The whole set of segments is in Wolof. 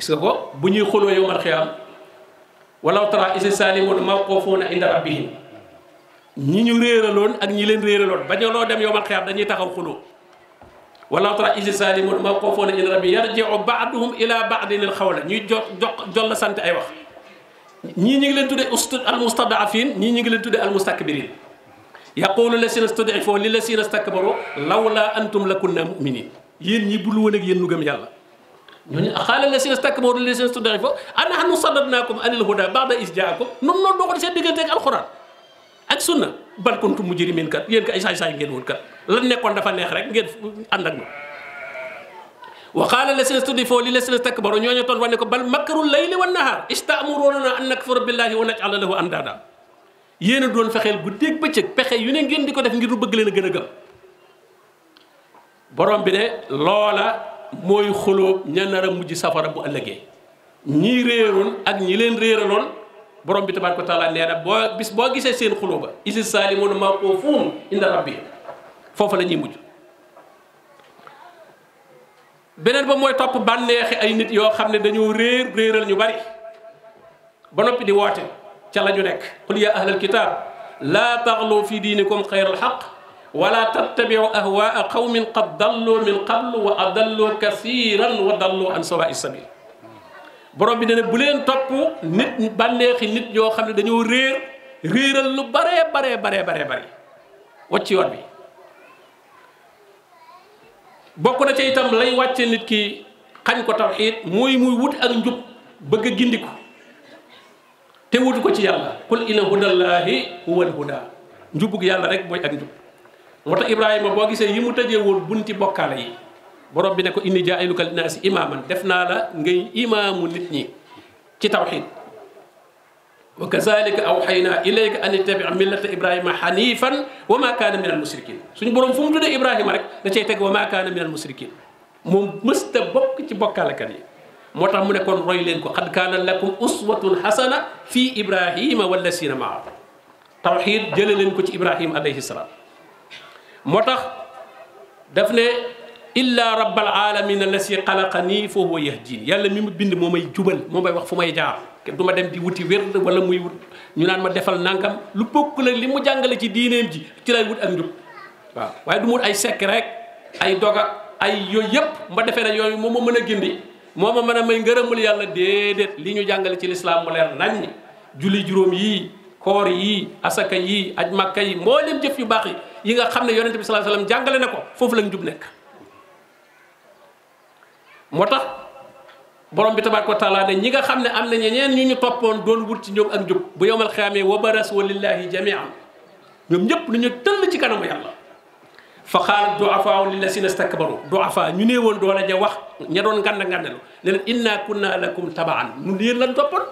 gis nga ko bu ñuy xuloo yow man xiyaam walaw tara isi saalimuun mawqufuuna inda rabbihim ñi ñu réeraloon ak ñi leen réeraloon bañaloo dem yow man xiyaam dañuy taxaw xuloo walaw tara isi saalimuun mawqufuuna inda rabbihim yarjiu baaduhum ila baadin al xawla ñuy jo jox jolla sant ay wax ñii ñu ngi leen tuddee ust al mustadafin ñii ñu ngi leen tuddee al mustakbirin yaqulu lasina studifoo li lasina stakbaru lawla antum lakunna muminin yéen ñi bul woon ak yéen nu gëm yàlla ñooñu xaala na stakbaru lazina stud'ifu nahnu saddadnaakum anil hudaa ba'da iz jaa'akum noonu noonu doxal seen diggante ak alxuraan ak sunna bal kuntum mujrimiin kat yéen ko ay saay-saay ngeen woon lan nekkoon dafa neex rek ngeen ànd ak ma wa qaala lazina stud'ifu li lazina stakbaru ñooñu toon wax ne ko bal makru layli wan nahaar ista'muruunanaa an nakfura billaahi wa naj'ala lahu andaadaa yéen a doon fexeel guddeeg bëccëg pexe yu ne ngeen di ko def ngir bëgg leen gën a gëm borom bi ne loola mooy xuloo ña nar mujj safara bu ëllëgee ñii réeroon ak ñi leen réeraloon borom bi tabaaraka ko taala nee na boo bis boo gisee seen xuloo ba isil saalimuuna mawquufuun inda bi foofu lañuy mujj beneen ba mooy topp bànneexi ay nit yoo xam ne dañoo réer réeral ñu bari ba noppi di woote ca la ñu nekk qul yaa ahlal kitaab laa taxlu fi diinikum xayral xaq ولا تتبعوا اهواء قوم قد ضلوا من قبل واضلوا كثيرا وضلوا عن سواء السبيل بروم بي دنا بولين توب نيت بانيخي نيت جو خامل دانيو رير ريرال لو باري باري باري باري باري واتي يور بوكو نتا ايتام لاي واتي نيت كي خاني كو توحيد موي موي ووت اك نجوب بغا غينديكو تي ووتو كو سي يالا قل ان هدى الله هو الهدى نجوبك يالا رك موي اك نجوب moo Ibrahima bo gisé yi mu tejé won bunti bokkaale yi borom bi ne ko inni jaa'iluka linnaasi imaman defna la ngay imamu nit ñi ci tawhid wa kazalika awhayna ilayka an tattabi' millata ibrahima hanifan wa ma kana minal al suñu borom fu mu tudde Ibrahima rek da cey tegg wa ma kana minal al musrikin musta bok ci ci kan yi motax mu ne kon roy len ko xad kana lakum uswatun hasana fi Ibrahima wal ladina maa tawhid jële len ko ci Ibrahima alayhi salam moo tax daf ne illa rabbal la alamina allasi xalaqani fa huwa yahdin yàlla mi mu bind moo may jubal moo may wax fu may jaar du duma dem di wuti wér wala muy wut ñu naan ma defal nangam lu pok la li mu jàngale ci diineem ji ci lay wut ak njub waaw waaye du mu wut ay sekk rek ay doga ay yooyu yëpp ma defee ne yooyu moom ma mën a gindi moo ma mën a may ngërëmul yàlla déedéet li ñu jàngale ci lislaam mu leer nañ julli juróom yii koor yi asaka yi aj makka yi mboolem jëf yu baax yi yi nga xamne yaronte bi sallallahu alayhi wasallam sallam jàngale na ko foofu lañ jub nek motax borom bi tabaaraka taala ne ñi nga xamne am na ñeneen ñu ñu topoon doon wut ci ñoom ak njub bu yowmal xiyaamee wa baras wa lillahi jamian ñoom ñep lu ñu teul ci kanamu yàlla fa khal du'afa lil ladina istakbaru du'afa ñu néewoon doole ja wax ña doon ganda ngàndelu ne leen inna kunna lakum tab'an nu yéen lan toppoon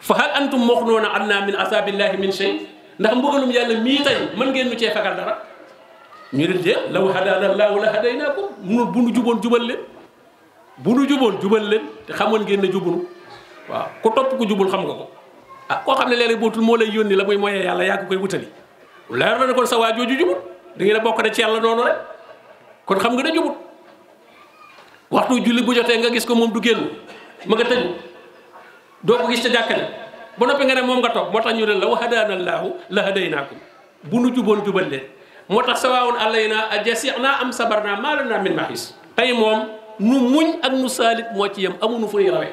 fa hal antum mukhnuna anna min asabi llahi min shay ndax mbugalum yàlla mii tey mën ngeen nu cee fegal dara ñu leen dee law hadaana llaahu la hadaynaakum mu bu nu juboon jubal leen bu nu juboon jubal leen te xamoon ngeen ne topp ku jubul xam nga ko ah, koo xam ne léeg-léeg bootul moo lay yónni la muy moyee yàlla yaa koy wutali leer na ne sa waa jooju jubut da ngeen a ci yàlla noonu xam nga ne jubut waxtu julli bu jotee nga gis ko moom du génn ma nga tëju doo ko gis ca jàkka ba noppi nga ne moom nga topp moo tax ñu ne law hadaana llaahu la hadaynaakum bu nu juboon jubal leen moo tax sawaawun alaynaa a jasirnaa am sabarnaa maa lanaa min mahis tey moom nu muñ ak nu salit moo ci yem amuñu fu ñuy rawee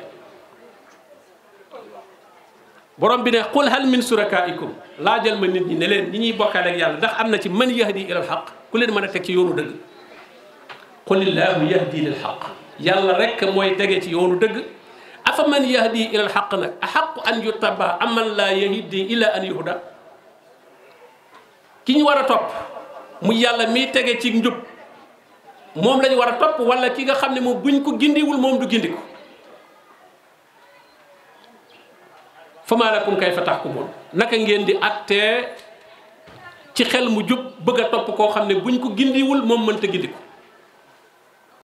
borom bi ne qul hal min surakaaikum laajal ma nit ñi ne leen ñi ñuy bokkaale ak yàlla ndax am na ci man yahdi ilal xaq ku leen mën a teg ci yoonu dëgg qul illaahu yahdi lil xaq yàlla rekk mooy tege ci yoonu dëgg afa man yahdi ila alxaq nag an yutaba am man laa yahdi ila an yuhda ki ñu war a topp mu yàlla miy tege ci njub moom lañu war a topp wala ki nga xam ne moom buñ ko gindiwul moom du gindi ko famaa lakum kayfa tahkumun naka ngeen di attee ci xel mu jub bëgg a topp koo xam ne buñ ko gindiwul moom mënta gindi ko